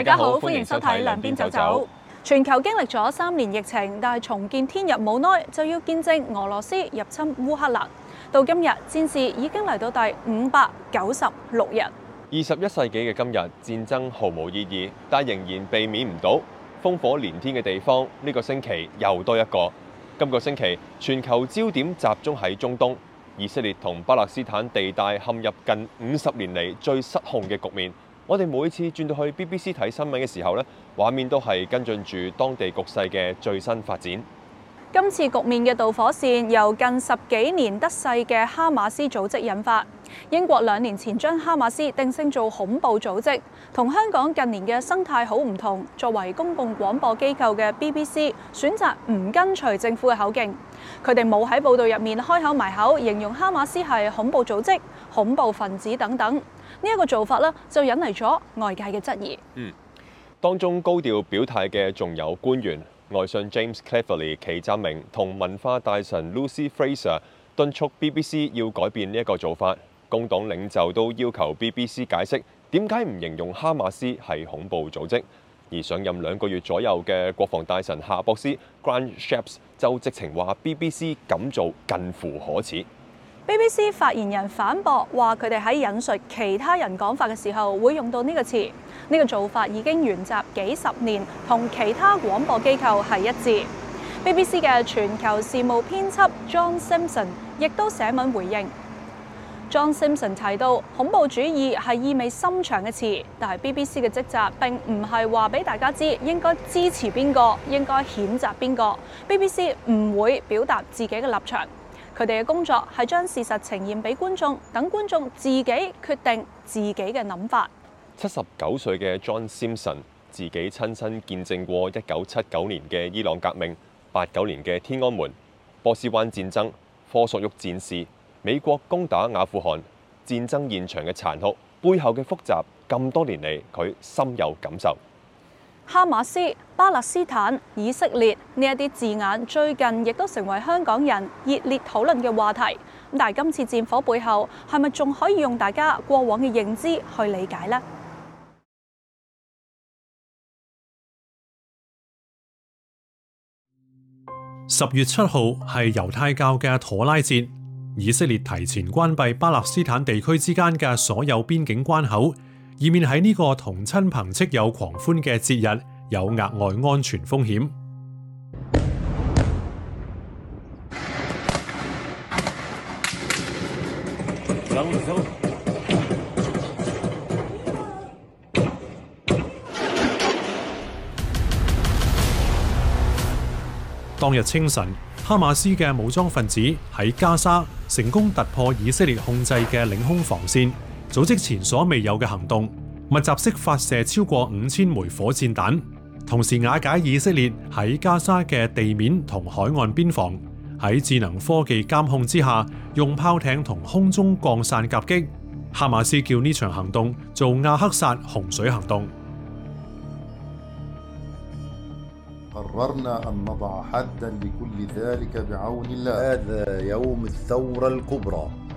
大家好，歡迎收睇《兩邊走走》。全球經歷咗三年疫情，但係重見天日冇耐，就要見證俄羅斯入侵烏克蘭。到今日戰事已經嚟到第五百九十六日。二十一世紀嘅今日，戰爭毫無意義，但仍然避免唔到烽火連天嘅地方。呢個星期又多一個。今個星期全球焦點集中喺中東，以色列同巴勒斯坦地帶陷入近五十年嚟最失控嘅局面。我哋每次轉到去 BBC 睇新聞嘅時候呢，畫面都係跟進住當地局勢嘅最新發展。今次局面嘅導火線由近十幾年得勢嘅哈馬斯組織引發。英國兩年前將哈馬斯定性做恐怖組織。同香港近年嘅生態好唔同，作為公共廣播機構嘅 BBC 選擇唔跟隨政府嘅口徑。佢哋冇喺報導入面開口埋口形容哈馬斯係恐怖組織、恐怖分子等等。呢一個做法咧，就引嚟咗外界嘅質疑。嗯，當中高調表態嘅仲有官員外相 James Cleverly、祁湛明同文化大臣 Lucy Fraser 敦促 BBC 要改變呢一個做法。工黨領袖都要求 BBC 解釋點解唔形容哈馬斯係恐怖組織。而上任兩個月左右嘅國防大臣夏博斯 （Grant Shapps） 就直情話 BBC 咁做近乎可恥。BBC 發言人反駁話：佢哋喺引述其他人講法嘅時候，會用到呢個詞，呢個做法已經沿襲幾十年，同其他廣播機構係一致。BBC 嘅全球事務編輯 John Simpson 亦都寫文回應。John Simpson 提到：恐怖主義係意味深長嘅詞，但係 BBC 嘅職責並唔係話俾大家知應該支持邊個，應該譴責邊個。BBC 唔會表達自己嘅立場。佢哋嘅工作係將事實呈現俾觀眾，等觀眾自己決定自己嘅諗法。七十九歲嘅 John Simpson 自己親身見證過一九七九年嘅伊朗革命、八九年嘅天安門，波斯灣戰爭，科索沃戰事，美國攻打阿富汗戰爭現場嘅殘酷背後嘅複雜，咁多年嚟，佢深有感受。哈馬斯、巴勒斯坦、以色列呢一啲字眼，最近亦都成為香港人熱烈討論嘅話題。咁但係今次戰火背後係咪仲可以用大家過往嘅認知去理解呢？十月七號係猶太教嘅妥拉節，以色列提前關閉巴勒斯坦地區之間嘅所有邊境關口。以免喺呢個同親朋戚友狂歡嘅節日有額外安全風險。當日清晨，哈馬斯嘅武裝分子喺加沙成功突破以色列控制嘅領空防線。組織前所未有嘅行動，密集式發射超過五千枚火箭彈，同時瓦解以色列喺加沙嘅地面同海岸邊防，喺智能科技監控之下，用炮艇同空中降散夾擊。哈馬斯叫呢場行動做亞克薩洪水行動。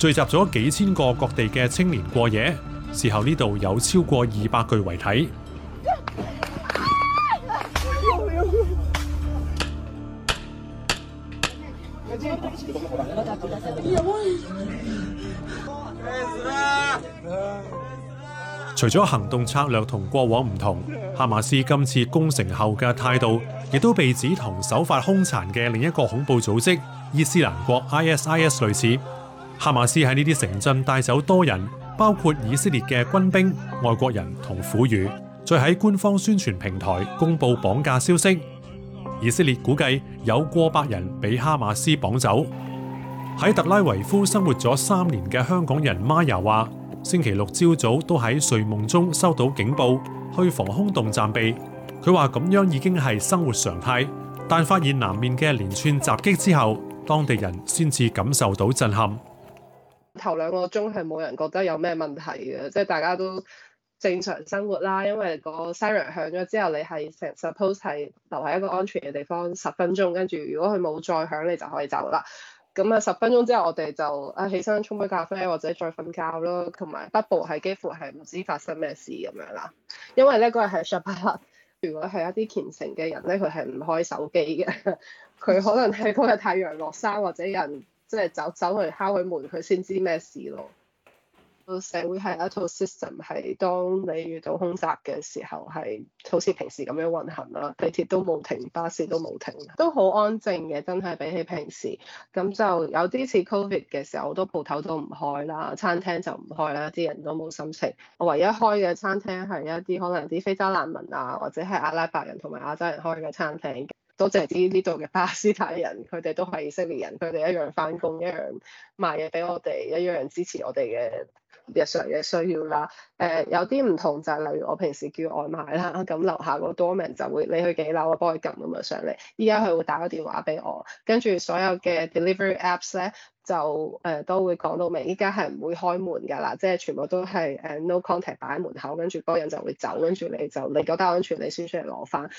聚集咗幾千個各地嘅青年過夜。事後呢度有超過二百具遺體。除咗行動策略同過往唔同，哈馬斯今次攻城後嘅態度，亦都被指同手法兇殘嘅另一個恐怖組織伊斯蘭國 （ISIS） 類似。哈馬斯喺呢啲城鎮帶走多人，包括以色列嘅軍兵、外國人同婦孺，再喺官方宣傳平台公布綁架消息。以色列估計有過百人被哈馬斯綁走。喺特拉維夫生活咗三年嘅香港人瑪雅話，星期六朝早都喺睡夢中收到警報，去防空洞暫避。佢話咁樣已經係生活常態，但發現南面嘅連串襲擊之後，當地人先至感受到震撼。頭兩個鐘係冇人覺得有咩問題嘅，即係大家都正常生活啦。因為個 siren 響咗之後，你係 suppose 係留喺一個安全嘅地方十分鐘，跟住如果佢冇再響，你就可以走啦。咁啊，十分鐘之後我哋就啊起身沖杯咖啡或者再瞓覺咯，同埋北部係幾乎係唔知發生咩事咁樣啦。因為咧嗰日係 Shabbat, 如果係一啲虔誠嘅人咧，佢係唔開手機嘅，佢可能係當日太陽落山或者人。即係走走去敲佢門，佢先知咩事咯。到社會係一套 system，係當你遇到空襲嘅時候，係好似平時咁樣運行啦。地鐵都冇停，巴士都冇停，都好安靜嘅。真係比起平時，咁就有啲似 covid 嘅時候，好多鋪頭都唔開啦，餐廳就唔開啦，啲人都冇心情。我唯一開嘅餐廳係一啲可能啲非洲難民啊，或者係阿拉伯人同埋亞洲人開嘅餐廳。多謝啲呢度嘅巴基斯坦人，佢哋都係以色列人，佢哋一樣翻工，一樣賣嘢俾我哋，一樣支持我哋嘅日常嘅需要啦。誒、呃，有啲唔同就係、是、例如我平時叫外賣啦，咁樓下個 doorman 就會你去幾樓，我幫佢撳咁樣上嚟。依家佢會打個電話俾我，跟住所有嘅 delivery apps 咧就誒、呃、都會講到明，依家係唔會開門㗎啦，即係全部都係誒 no contact 擺喺門口，跟住嗰個人就會走，跟住你就你覺得安全你先出嚟攞翻。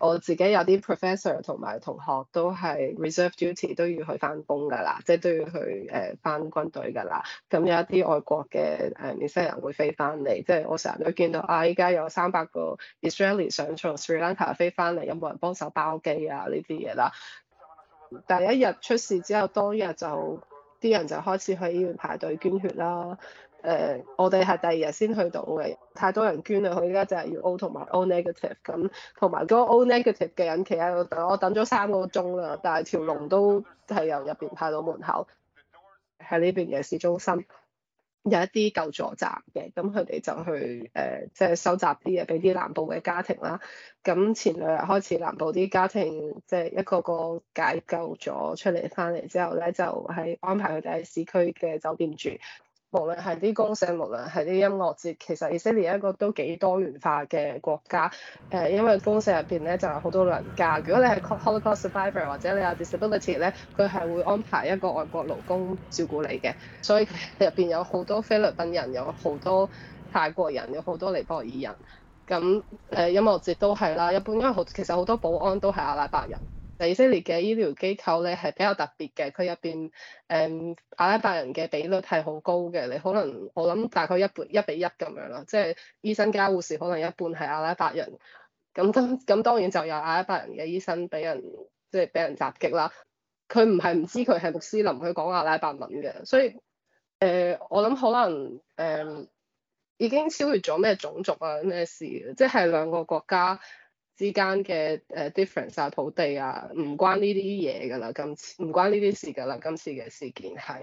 我自己有啲 professor 同埋同學都係 reserve duty 都要去翻工噶啦，即係都要去誒翻、呃、軍隊噶啦。咁有一啲外國嘅誒 mission 人會飛翻嚟，即係我成日都見到啊！依家有三百個 Israeli 想從 Sri Lanka 飛翻嚟，有冇人幫手包機啊？呢啲嘢啦。第一日出事之後，當日就啲人就開始去醫院排隊捐血啦。誒、呃，我哋係第二日先去到嘅，太多人捐啦，佢依家就係要 O 同埋 O negative 咁，同埋嗰 O negative 嘅人企喺度等我，我等咗三個鐘啦，但係條龍都係由入邊派到門口，喺呢邊嘅市中心有一啲救助站嘅，咁佢哋就去誒，即、呃、係、就是、收集啲嘢俾啲南部嘅家庭啦。咁前兩日開始，南部啲家庭即係、就是、一個個解救咗出嚟翻嚟之後咧，就係安排佢哋喺市區嘅酒店住。無論係啲公社，無論係啲音樂節，其實以色列一個都幾多元化嘅國家。誒，因為公社入邊咧就係、有好多老人家。如果你係 Holocaust survivor 或者你有 disability 咧，佢係會安排一個外國勞工照顧你嘅。所以入邊有好多菲律賓人，有好多泰國人，有好多尼泊爾人。咁誒音樂節都係啦，一般因為好其實好多保安都係阿拉伯人。以色列嘅醫療機構咧係比較特別嘅，佢入邊誒阿拉伯人嘅比率係好高嘅。你可能我諗大概一半一比一咁樣咯，即係醫生加護士可能一半係阿拉伯人。咁咁咁當然就有阿拉伯人嘅醫生俾人即係俾人襲擊啦。佢唔係唔知佢係穆斯林，佢講阿拉伯文嘅，所以誒我諗可能誒已經超越咗咩種族啊咩事啊，即係兩個國家之間嘅誒 difference 啊、土地啊，唔關呢啲嘢㗎啦，今次唔關呢啲事㗎啦，今次嘅事件係。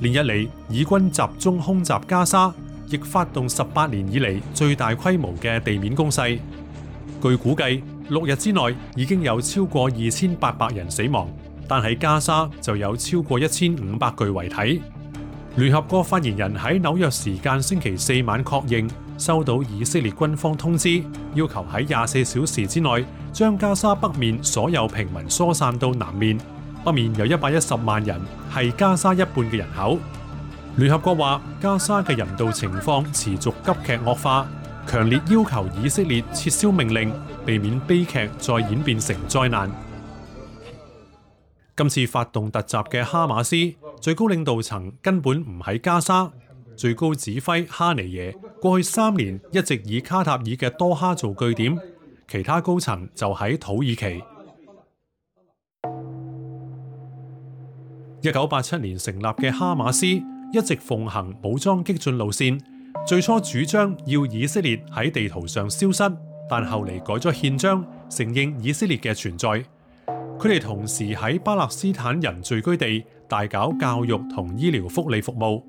連日嚟，以軍集中空襲加沙，亦發動十八年以嚟最大規模嘅地面攻勢。據估計，六日之內已經有超過二千八百人死亡，但喺加沙就有超過一千五百具遺體。聯合國發言人喺紐約時間星期四晚確認，收到以色列軍方通知，要求喺廿四小時之內將加沙北面所有平民疏散到南面。北面有一百一十萬人，係加沙一半嘅人口。聯合國話，加沙嘅人道情況持續急劇惡化，強烈要求以色列撤銷命令，避免悲劇再演變成災難。今次發動突襲嘅哈馬斯最高領導層根本唔喺加沙，最高指揮哈尼耶過去三年一直以卡塔爾嘅多哈做據點，其他高層就喺土耳其。一九八七年成立嘅哈馬斯一直奉行武裝激進路線，最初主張要以色列喺地圖上消失，但後嚟改咗憲章，承認以色列嘅存在。佢哋同時喺巴勒斯坦人聚居地大搞教育同醫療福利服務。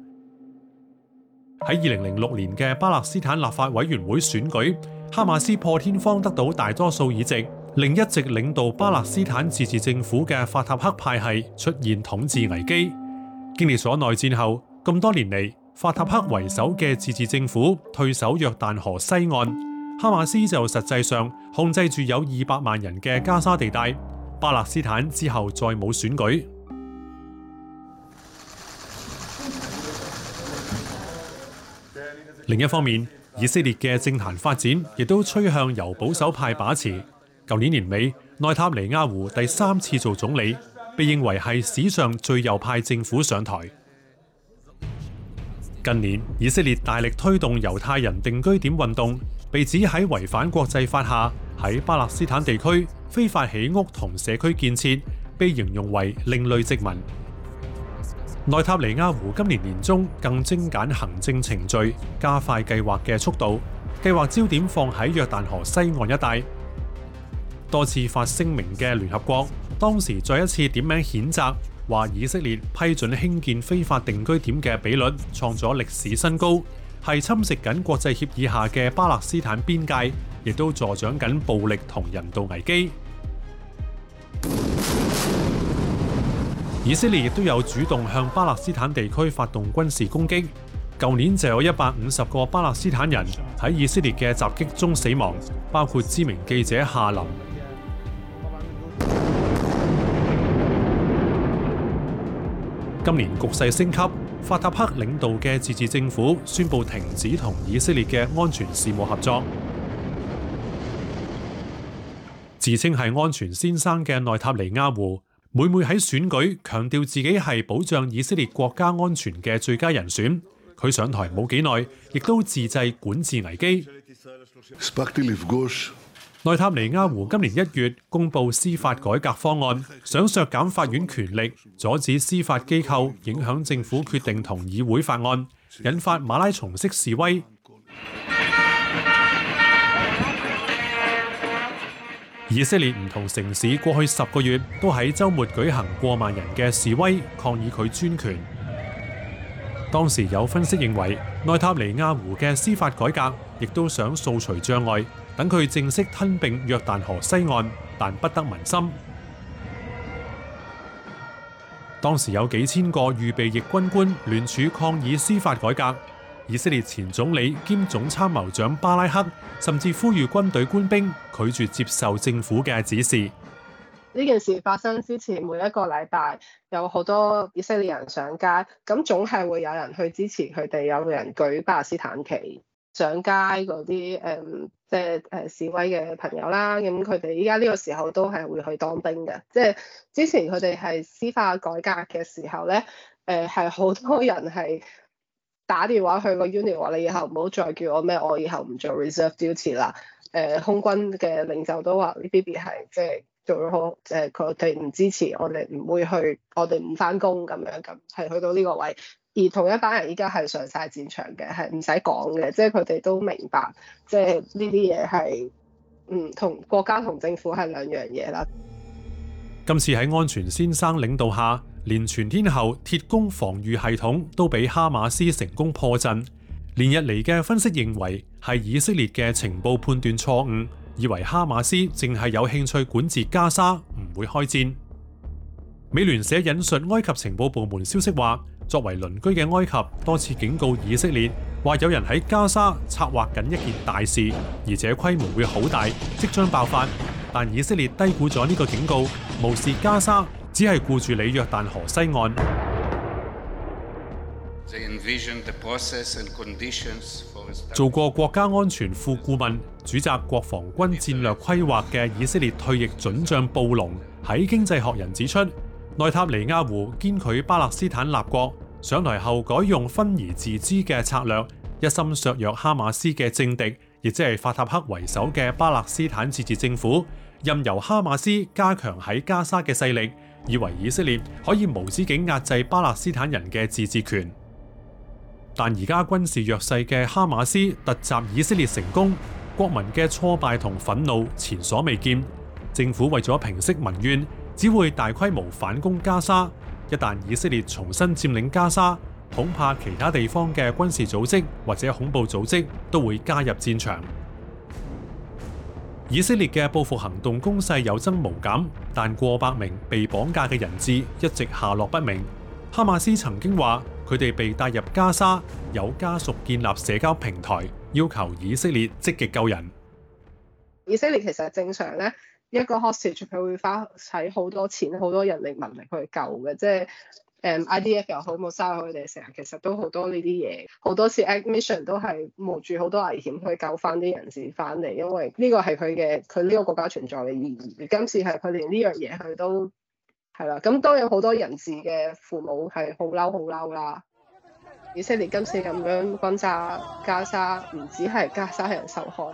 喺二零零六年嘅巴勒斯坦立法委員會選舉，哈馬斯破天荒得到大多數議席。令一直領導巴勒斯坦自治政府嘅法塔赫派系出現統治危機，經歷咗內戰後，咁多年嚟，法塔赫為首嘅自治政府退守約旦河西岸，哈馬斯就實際上控制住有二百萬人嘅加沙地帶。巴勒斯坦之後再冇選舉。另一方面，以色列嘅政壇發展亦都趨向由保守派把持。舊年年尾，內塔尼亞胡第三次做總理，被認為係史上最右派政府上台。近年，以色列大力推動猶太人定居點運動，被指喺違反國際法下喺巴勒斯坦地區非法起屋同社區建設，被形容為另類殖民。內塔尼亞胡今年年中更精簡行政程序，加快計劃嘅速度，計劃焦點放喺約旦河西岸一帶。多次發聲明嘅聯合國，當時再一次點名譴責，話以色列批准興建非法定居點嘅比率創咗歷史新高，係侵蝕緊國際協議下嘅巴勒斯坦邊界，亦都助長緊暴力同人道危機。 以色列亦都有主動向巴勒斯坦地區發動軍事攻擊。舊年就有一百五十個巴勒斯坦人喺以色列嘅襲擊中死亡，包括知名記者夏林。今年局勢升級，法塔赫領導嘅自治政府宣布停止同以色列嘅安全事務合作。自稱係安全先生嘅內塔尼亞胡，每每喺選舉強調自己係保障以色列國家安全嘅最佳人選。佢上台冇幾耐，亦都自製管治危機。內塔尼亞胡今年一月公布司法改革方案，想削減法院權力，阻止司法機構影響政府決定同議會法案，引發馬拉松式示威。 以色列唔同城市過去十個月都喺周末舉行過萬人嘅示威，抗議佢專權。當時有分析認為，內塔尼亞胡嘅司法改革亦都想掃除障礙。等佢正式吞併約旦河西岸，但不得民心。當時有幾千個預備役軍官聯署抗議司法改革。以色列前總理兼總參謀長巴拉克甚至呼籲軍隊官兵拒絕接受政府嘅指示。呢件事發生之前，每一個禮拜有好多以色列人上街，咁總係會有人去支持佢哋，有人舉巴勒斯坦旗上街嗰啲誒。嗯即係誒示威嘅朋友啦，咁佢哋依家呢個時候都係會去當兵嘅。即係之前佢哋係司法改革嘅時候咧，誒係好多人係打電話去個 union 話你以後唔好再叫我咩，我以後唔做 reserve duty 啦。誒空軍嘅領袖都話 Bibi 係即係做咗好，誒佢哋唔支持我哋，唔會去，我哋唔翻工咁樣咁，係去到呢個位。而同一班人依家係上晒戰場嘅，係唔使講嘅，即係佢哋都明白，即係呢啲嘢係嗯，同國家同政府係兩樣嘢啦。今次喺安全先生領導下，連全天候鐵穹防禦系統都俾哈馬斯成功破陣，連日嚟嘅分析認為，係以色列嘅情報判斷錯誤，以為哈馬斯淨係有興趣管治加沙，唔會開戰。美聯社引述埃及情報部門消息話。作為鄰居嘅埃及多次警告以色列，話有人喺加沙策劃緊一件大事，而且規模會好大，即將爆發。但以色列低估咗呢個警告，無視加沙，只係顧住里約旦河西岸。做過國家安全副顧問、主責國防軍戰略規劃嘅以色列退役准將布隆喺《經濟學人》指出。內塔尼亞胡堅拒巴勒斯坦立國，上台後改用分而治之嘅策略，一心削弱哈馬斯嘅政敵，亦即係法塔赫為首嘅巴勒斯坦自治政府，任由哈馬斯加強喺加沙嘅勢力，以為以色列可以無止境壓制巴勒斯坦人嘅自治權。但而家軍事弱勢嘅哈馬斯突襲以色列成功，國民嘅挫敗同憤怒前所未見，政府為咗平息民怨。只會大規模反攻加沙。一旦以色列重新佔領加沙，恐怕其他地方嘅軍事組織或者恐怖組織都會加入戰場。 以色列嘅報復行動攻勢有增無減，但過百名被綁架嘅人質一直下落不明。哈馬斯曾經話佢哋被帶入加沙，有家屬建立社交平台，要求以色列積極救人。以色列其實正常咧，一個 hostage，佢會花使好多錢、好多人力、物力去救嘅，即係誒 IDF 又好、冇沙拉佢哋成日其實都好多呢啲嘢，好多次 admission 都係冒住好多危險去救翻啲人質翻嚟，因為呢個係佢嘅佢呢個國家存在嘅意義。而今次係佢哋呢樣嘢佢都係啦，咁當然好多人質嘅父母係好嬲、好嬲啦。以色列今次咁樣轟炸加沙，唔止係加沙人受害。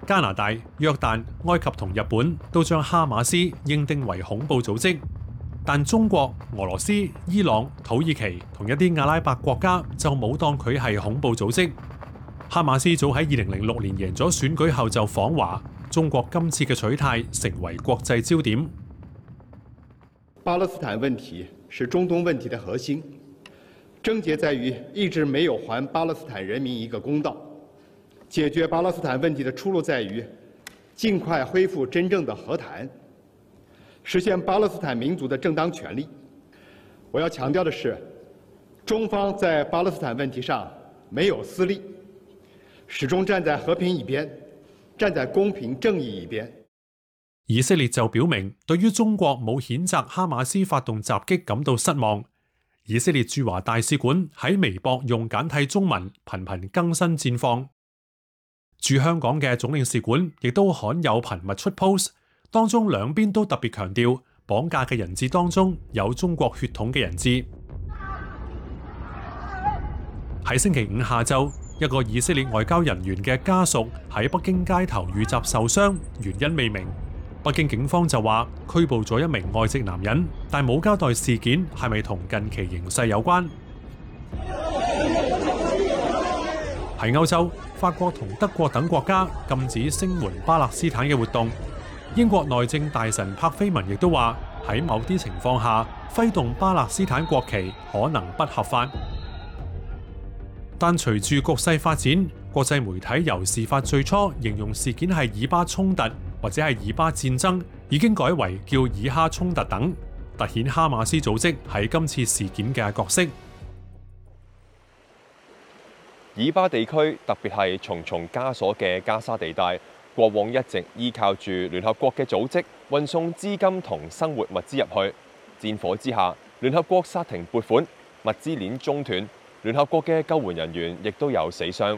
加拿大、約旦、埃及同日本都將哈馬斯認定為恐怖組織，但中國、俄羅斯、伊朗、土耳其同一啲阿拉伯國家就冇當佢係恐怖組織。哈馬斯早喺二零零六年贏咗選舉後就訪華，中國今次嘅取態成為國際焦點。巴勒斯坦問題是中東問題的核心，癥結在於一直沒有還巴勒斯坦人民一個公道。解決巴勒斯坦問題的出路在於盡快恢復真正的和談，實現巴勒斯坦民族的正當權利。我要強調的是，中方在巴勒斯坦問題上沒有私利，始終站在和平一邊，站在公平正義一邊。以色列就表明對於中國冇譴責哈馬斯發動襲擊感到失望。以色列駐華大使館喺微博用簡體中文頻頻更新戰況。駐香港嘅總領事館亦都罕有頻密出 post，當中兩邊都特別強調綁架嘅人質當中有中國血統嘅人質。喺星期五下晝，一個以色列外交人員嘅家屬喺北京街頭遇襲受傷，原因未明。北京警方就話拘捕咗一名外籍男人，但冇交代事件係咪同近期形勢有關。喺歐洲，法國同德國等國家禁止聲援巴勒斯坦嘅活動。英國內政大臣柏菲文亦都話：喺某啲情況下，揮動巴勒斯坦國旗可能不合法。但隨住局勢發展，國際媒體由事發最初形容事件係以巴衝突或者係以巴戰爭，已經改為叫以哈衝突等，凸顯哈馬斯組織喺今次事件嘅角色。以巴地區，特別係重重枷鎖嘅加沙地帶，過往一直依靠住聯合國嘅組織運送資金同生活物資入去。戰火之下，聯合國剎停撥款，物資鏈中斷，聯合國嘅救援人員亦都有死傷。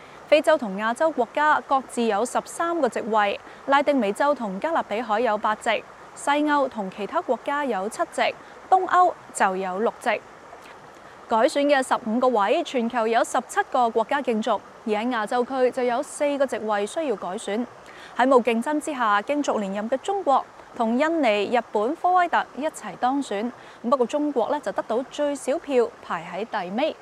非洲同亞洲國家各自有十三個席位，拉丁美洲同加勒比海有八席，西歐同其他國家有七席，東歐就有六席。改選嘅十五個位，全球有十七個國家競逐，而喺亞洲區就有四個席位需要改選。喺冇競爭之下，競逐連任嘅中國同印尼、日本、科威特一齊當選。不過中國呢，就得到最少票，排喺第尾。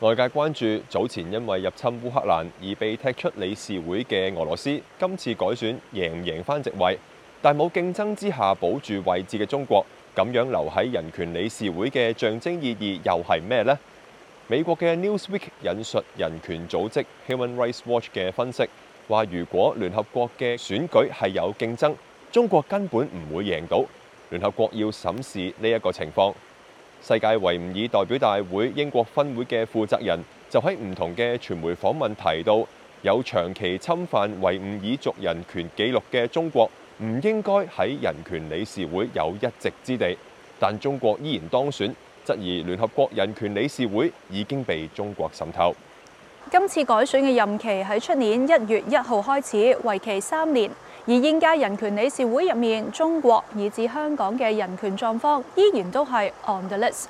外界關注早前因為入侵烏克蘭而被踢出理事會嘅俄羅斯，今次改選贏唔贏翻席位？但冇競爭之下保住位置嘅中國，咁樣留喺人權理事會嘅象徵意義又係咩呢？美國嘅 Newsweek 引述人權組織 Human Rights Watch 嘅分析，話如果聯合國嘅選舉係有競爭，中國根本唔會贏到。聯合國要審視呢一個情況。世界維吾爾代表大會英國分會嘅負責人就喺唔同嘅傳媒訪問提到，有長期侵犯維吾爾族人權紀錄嘅中國，唔應該喺人權理事會有一席之地，但中國依然當選，質疑聯合國人權理事會已經被中國滲透。今次改選嘅任期喺出年一月一號開始，為期三年。而現屆人權理事會入面，中國以至香港嘅人權狀況依然都係 on the list。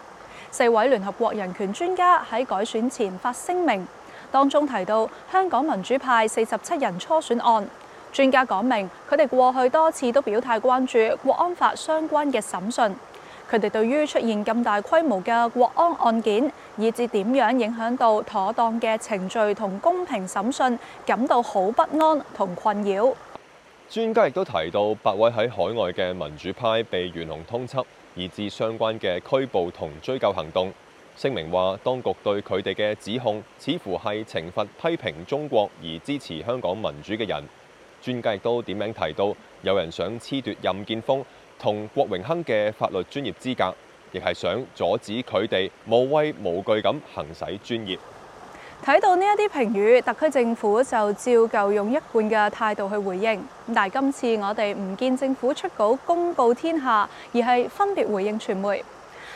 四位聯合國人權專家喺改選前發聲明，當中提到香港民主派四十七人初選案，專家講明佢哋過去多次都表態關注國安法相關嘅審訊。佢哋對於出現咁大規模嘅國安案件，以至點樣影響到妥當嘅程序同公平審訊，感到好不安同困擾。專家亦都提到，八位喺海外嘅民主派被懸紅通緝，以至相關嘅拘捕同追究行動。聲明話，當局對佢哋嘅指控，似乎係懲罰批評中國而支持香港民主嘅人。專家亦都點名提到，有人想褫奪任建峰同郭榮鏗嘅法律專業資格，亦係想阻止佢哋無畏無懼咁行使專業。睇到呢一啲評語，特區政府就照舊用一貫嘅態度去回應。但係今次我哋唔見政府出稿公告天下，而係分別回應傳媒。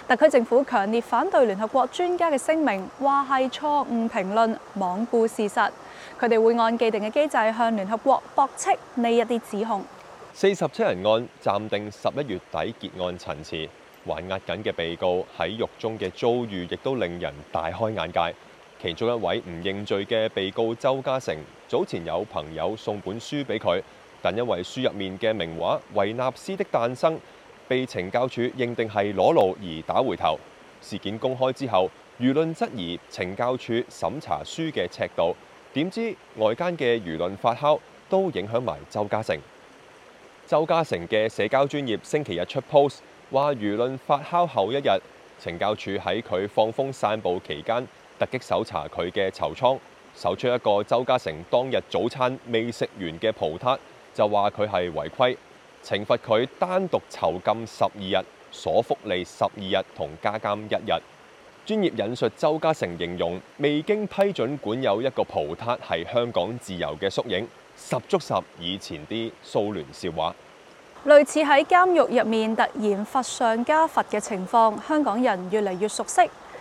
特區政府強烈反對聯合國專家嘅聲明，話係錯誤評論、罔顧事實。佢哋會按既定嘅機制向聯合國駁斥呢一啲指控。四十七人案暫定十一月底結案陳詞，還押緊嘅被告喺獄中嘅遭遇，亦都令人大開眼界。其中一位唔認罪嘅被告鄒家成，早前有朋友送本書俾佢，但因為書入面嘅名畫《維納斯的誕生》被懲教處認定係裸露而打回頭。事件公開之後，輿論質疑懲教處審查書嘅尺度。點知外間嘅輿論發酵都影響埋鄒家成。鄒家成嘅社交專頁星期日出 post 話，輿論發酵後一日，懲教處喺佢放風散步期間，特擊搜查佢嘅囚倉，搜出一個鄒家成當日早餐未食完嘅葡撻，就話佢係違規，懲罰佢單獨囚禁十二日，鎖福利十二日同加監一日。專業引述鄒家成形容：未經批准管有一個葡撻係香港自由嘅縮影，十足十以前啲蘇聯笑話。類似喺監獄入面突然罰上加罰嘅情況，香港人越嚟越熟悉。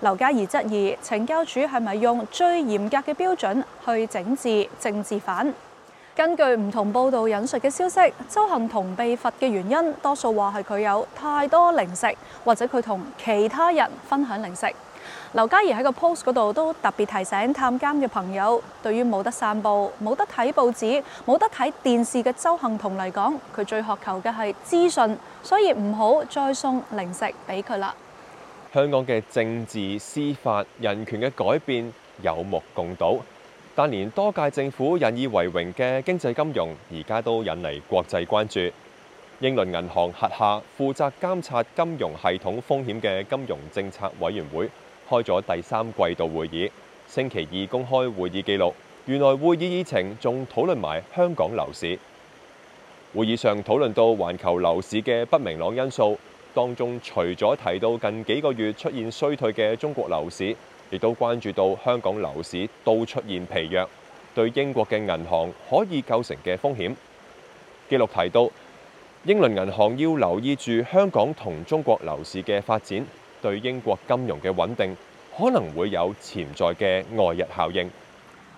劉嘉怡質疑懲教署係咪用最嚴格嘅標準去整治政治犯？根據唔同報道引述嘅消息，鄒幸彤被罰嘅原因，多數話係佢有太多零食，或者佢同其他人分享零食。劉嘉怡喺個 post 嗰度都特別提醒探監嘅朋友，對於冇得散步、冇得睇報紙、冇得睇電視嘅鄒幸彤嚟講，佢最渴求嘅係資訊，所以唔好再送零食俾佢啦。香港嘅政治、司法、人權嘅改變有目共睹，但連多屆政府引以為榮嘅經濟金融，而家都引嚟國際關注。英倫銀行轄下負責監察金融系統風險嘅金融政策委員會開咗第三季度會議，星期二公開會議記錄，原來會議議程仲討論埋香港樓市。會議上討論到環球樓市嘅不明朗因素。當中除咗提到近幾個月出現衰退嘅中國樓市，亦都關注到香港樓市都出現疲弱，對英國嘅銀行可以構成嘅風險。記錄提到，英倫銀行要留意住香港同中國樓市嘅發展，對英國金融嘅穩定可能會有潛在嘅外溢效應。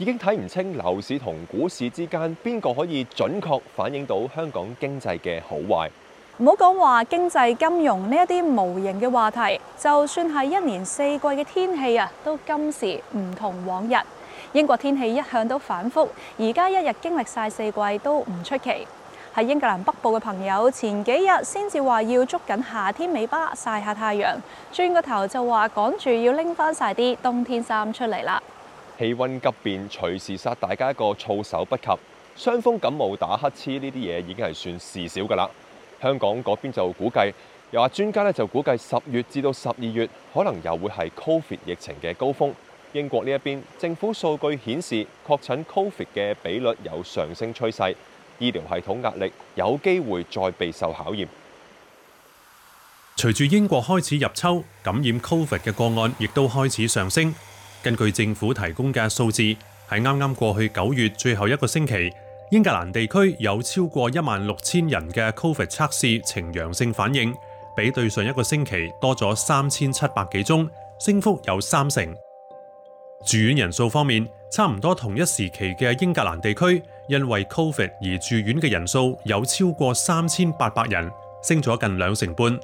已經睇唔清樓市同股市之間邊個可以準確反映到香港經濟嘅好壞。唔好講話經濟、金融呢一啲無形嘅話題，就算係一年四季嘅天氣啊，都今時唔同往日。英國天氣一向都反覆，而家一日經歷晒四季都唔出奇。喺英格蘭北部嘅朋友，前幾日先至話要捉緊夏天尾巴，晒下太陽，轉個頭就話趕住要拎翻晒啲冬天衫出嚟啦。氣溫急變，隨時殺大家一個措手不及，傷風感冒打乞嗤呢啲嘢已經係算事小噶啦。香港嗰邊就估計，又話專家呢就估計十月至到十二月可能又會係 Covid 疫情嘅高峰。英國呢一邊政府數據顯示，確診 Covid 嘅比率有上升趨勢，醫療系統壓力有機會再備受考驗。隨住英國開始入秋，感染 Covid 嘅個案亦都開始上升。根據政府提供嘅數字，喺啱啱過去九月最後一個星期，英格蘭地區有超過一萬六千人嘅 Covid 測試呈陽性反應，比對上一個星期多咗三千七百幾宗，升幅有三成。住院人數方面，差唔多同一時期嘅英格蘭地區，因為 Covid 而住院嘅人數有超過三千八百人，升咗近兩成半。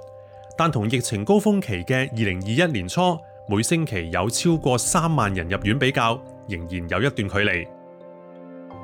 但同疫情高峰期嘅二零二一年初，每星期有超過三萬人入院，比較仍然有一段距離。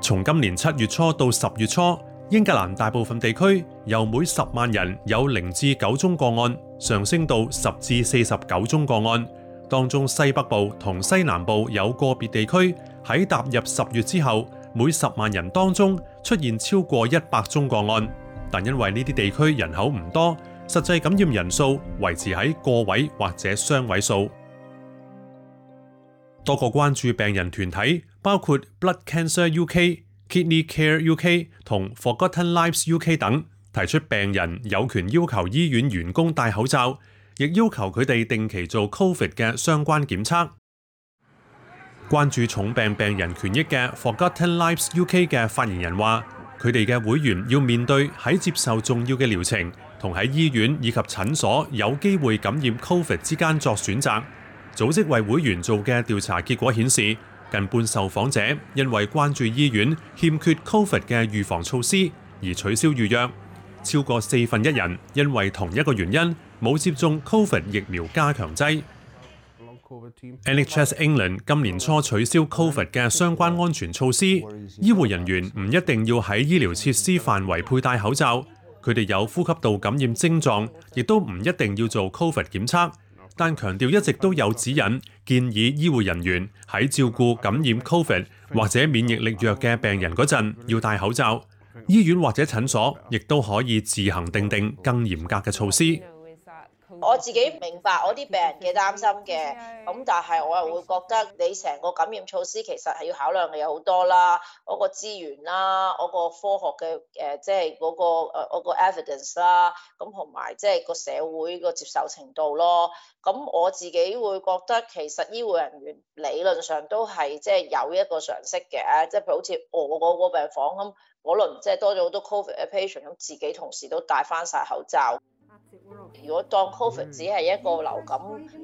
從今年七月初到十月初，英格蘭大部分地區由每十萬人有零至九宗個案，上升到十至四十九宗個案。當中西北部同西南部有個別地區喺踏入十月之後，每十萬人當中出現超過一百宗個案，但因為呢啲地區人口唔多，實際感染人數維持喺個位或者雙位數。多個關注病人團體，包括 Blood Cancer UK、Kidney Care UK 同 Forgotten Lives UK 等，提出病人有權要求醫院員工戴口罩，亦要求佢哋定期做 Covid 嘅相關檢測。關注重病病人權益嘅 Forgotten Lives UK 嘅發言人話，佢哋嘅會員要面對喺接受重要嘅療程，同喺醫院以及診所有機會感染 Covid 之間作選擇。組織為會員做嘅調查結果顯示，近半受訪者因為關注醫院欠缺 COVID 嘅預防措施而取消預約，超過四分一人因為同一個原因冇接種 COVID 疫苗加強劑。NHS England 今年初取消 COVID 嘅相關安全措施，醫護人員唔一定要喺醫療設施範圍佩戴口罩，佢哋有呼吸道感染症狀，亦都唔一定要做 COVID 檢測。但強調一直都有指引，建議醫護人員喺照顧感染 Covid 或者免疫力弱嘅病人嗰陣要戴口罩。醫院或者診所亦都可以自行訂定更嚴格嘅措施。我自己明白我啲病人嘅擔心嘅，咁但係我又會覺得你成個感染措施其實係要考量嘅有好多啦，嗰個資源啦，嗰個科學嘅誒，即係嗰個誒嗰個 evidence 啦，咁同埋即係個社會個接受程度咯。咁我自己會覺得其實醫護人員理論上都係即係有一個常識嘅，即係譬如好似我嗰個病房咁嗰輪即係多咗好多 covid patient，咁自己同事都戴翻晒口罩。如果當 Covid 只係一個流感，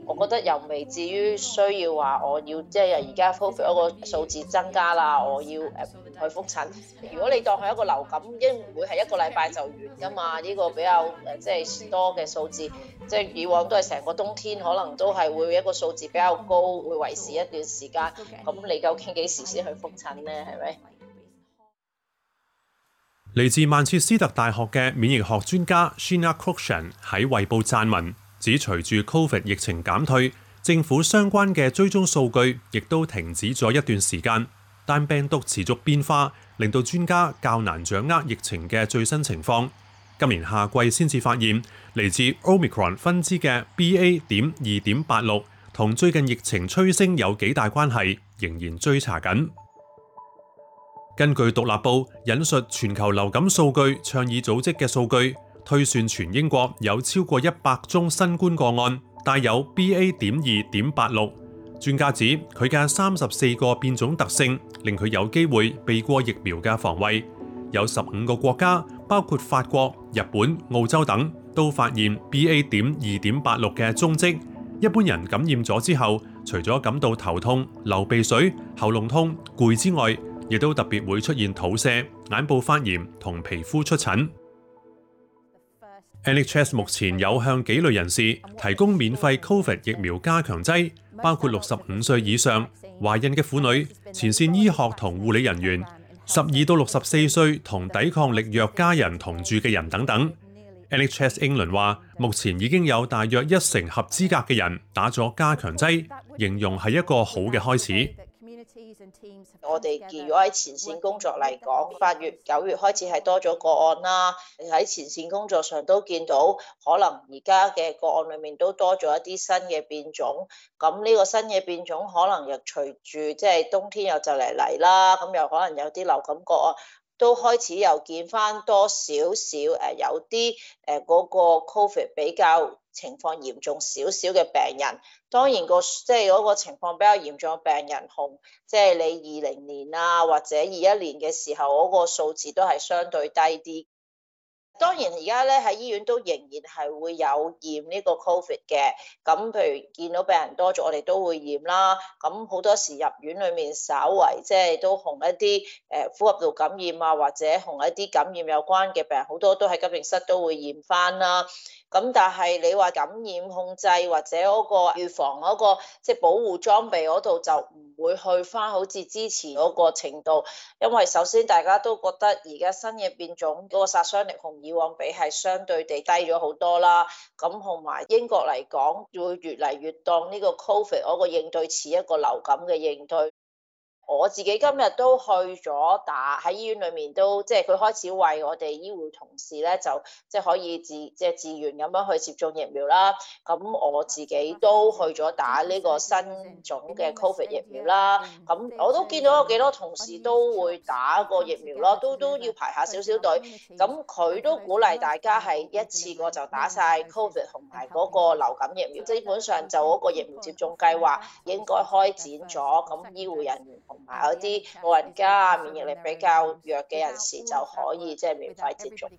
我覺得又未至於需要話我要即係而家 Covid 一個數字增加啦，我要誒去複診。如果你當係一個流感，因會係一個禮拜就完噶嘛？呢個比較誒即係多嘅數字，即係以往都係成個冬天，可能都係會一個數字比較高，會維持一段時間。咁你究竟幾時先去複診呢？係咪？嚟自曼徹斯特大學嘅免疫學專家 Sheena Cruickshank 喺衛報撰文，指隨住 Covid 疫情減退，政府相關嘅追蹤數據亦都停止咗一段時間，但病毒持續變化，令到專家較難掌握疫情嘅最新情況。今年夏季先至發現嚟自 Omicron 分支嘅 BA 點二點八六同最近疫情趨升有幾大關係，仍然追查緊。根據《獨立報》引述全球流感數據倡議組織嘅數據推算，全英國有超過一百宗新冠個案帶有 BA.2.86。專家指佢嘅三十四個變種特性令佢有機會避過疫苗嘅防衞。有十五個國家，包括法國、日本、澳洲等，都發現 BA.2.86 嘅蹤跡。一般人感染咗之後，除咗感到頭痛、流鼻水、喉嚨痛、攰之外，亦都特別會出現肚瀉、眼部發炎同皮膚出疹。NHS 目前有向幾類人士提供免費 Covid 疫苗加強劑，包括六十五歲以上、懷孕嘅婦女、前線醫學同護理人員、十二到六十四歲同抵抗力弱家人同住嘅人等等。NHS 英倫話：目前已經有大約一成合資格嘅人打咗加強劑，形容係一個好嘅開始。我哋如果喺前線工作嚟講，八月、九月開始係多咗個案啦。喺前線工作上都見到，可能而家嘅個案裏面都多咗一啲新嘅變種。咁呢個新嘅變種，可能又隨住即係冬天又就嚟嚟啦，咁又可能有啲流感個案。都開始又見翻多少少誒、有啲誒嗰個 covid 比較情況嚴重少少嘅病人，當然，嗰個即係嗰個情況比較嚴重嘅病人同，即係你二零年啊或者二一年嘅時候，嗰個數字都係相對低啲。當然，而家咧喺醫院都仍然係會有驗呢個 Covid 嘅，咁譬如見到病人多咗，我哋都會驗啦。咁好多時入院裡面，稍為即係都同一啲誒呼吸道感染啊，或者同一啲感染有關嘅病，好多都喺急症室都會驗返啦。咁但係你話感染控制或者嗰個預防嗰個即係保護裝備嗰度就唔會去翻好似之前嗰個程度，因為首先大家都覺得而家新嘅變種嗰個殺傷力同以往比係相對地低咗好多啦，咁同埋英國嚟講會越嚟越當呢個 Covid 嗰個應對似一個流感嘅應對。我自己今日都去咗打，喺醫院裏面都即係佢開始為我哋醫護同事咧，就即係可以自即係自願咁樣去接種疫苗啦。咁我自己都去咗打呢個新種嘅 Covid 疫苗啦。咁我都見到有幾多同事都會打個疫苗咯，都都要排下少少隊。咁佢都鼓勵大家係一次過就打晒 Covid 同埋嗰個流感疫苗，基本上就嗰個疫苗接種計劃應該開展咗。咁醫護人員同同埋嗰啲老人家啊，免疫力比較弱嘅人士就可以即係免費接種。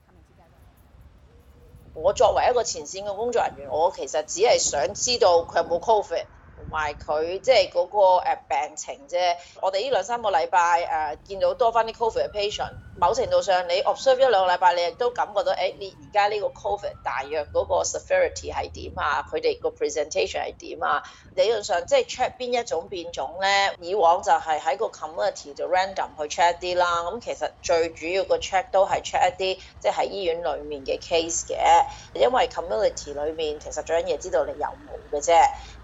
我作為一個前線嘅工作人員，我其實只係想知道佢有冇 COVID，同埋佢即係嗰個病情啫。我哋呢兩三個禮拜誒見到多返啲 COVID 嘅 patient。某程度上，你 observe 一兩個禮拜，你亦都感覺到，誒、哎，你而家呢個 COVID 大約嗰個 severity 係點啊？佢哋個 presentation 係點啊？理論上即係 check 邊一種變種咧？以往就係喺個 community 就 random 去 check 啲啦。咁其實最主要個 check 都係 check 一啲，即係喺醫院裡面嘅 case 嘅，因為 community 裡面其實最緊要知道你有冇嘅啫。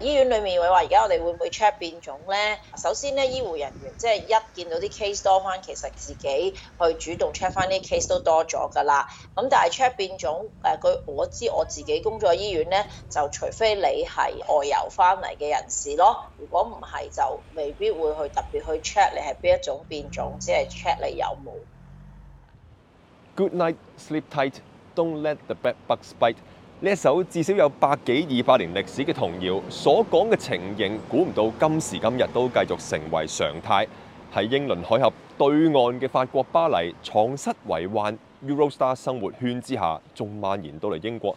醫院裡面會話，而家我哋會唔會 check 變種咧？首先咧，醫護人員即係一見到啲 case 多返，其實自己去主動 check 翻啲 case 都多咗㗎啦，咁但係 check 變種，誒，佢我知我自己工作醫院咧，就除非你係外遊翻嚟嘅人士咯，如果唔係就未必會去特別去 check 你係邊一種變種，只係 check 你有冇。Good night, sleep tight, don't let the bed bugs bite。呢一首至少有百幾二百年歷史嘅童謠，所講嘅情形，估唔到今時今日都繼續成為常態，喺英倫海峽。對岸嘅法國巴黎，床蚤為患 Eurostar 生活圈之下，仲蔓延到嚟英國，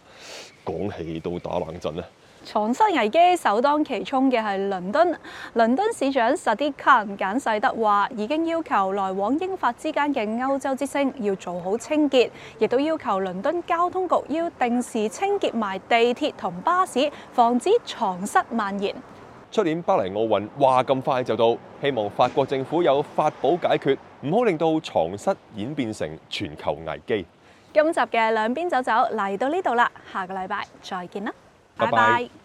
講起都打冷震啦，啊。床蚤危機首當其衝嘅係倫敦，倫敦市長 Sadiq Khan 簡世德話，已經要求來往英法之間嘅歐洲之星要做好清潔，亦都要求倫敦交通局要定時清潔埋地鐵同巴士，防止床蚤蔓延。出年巴黎奧運話咁快就到，希望法國政府有法寶解決，唔好令到床蚤演變成全球危機。今集嘅兩邊走走嚟到呢度啦，下個禮拜再見啦，拜拜。Bye bye.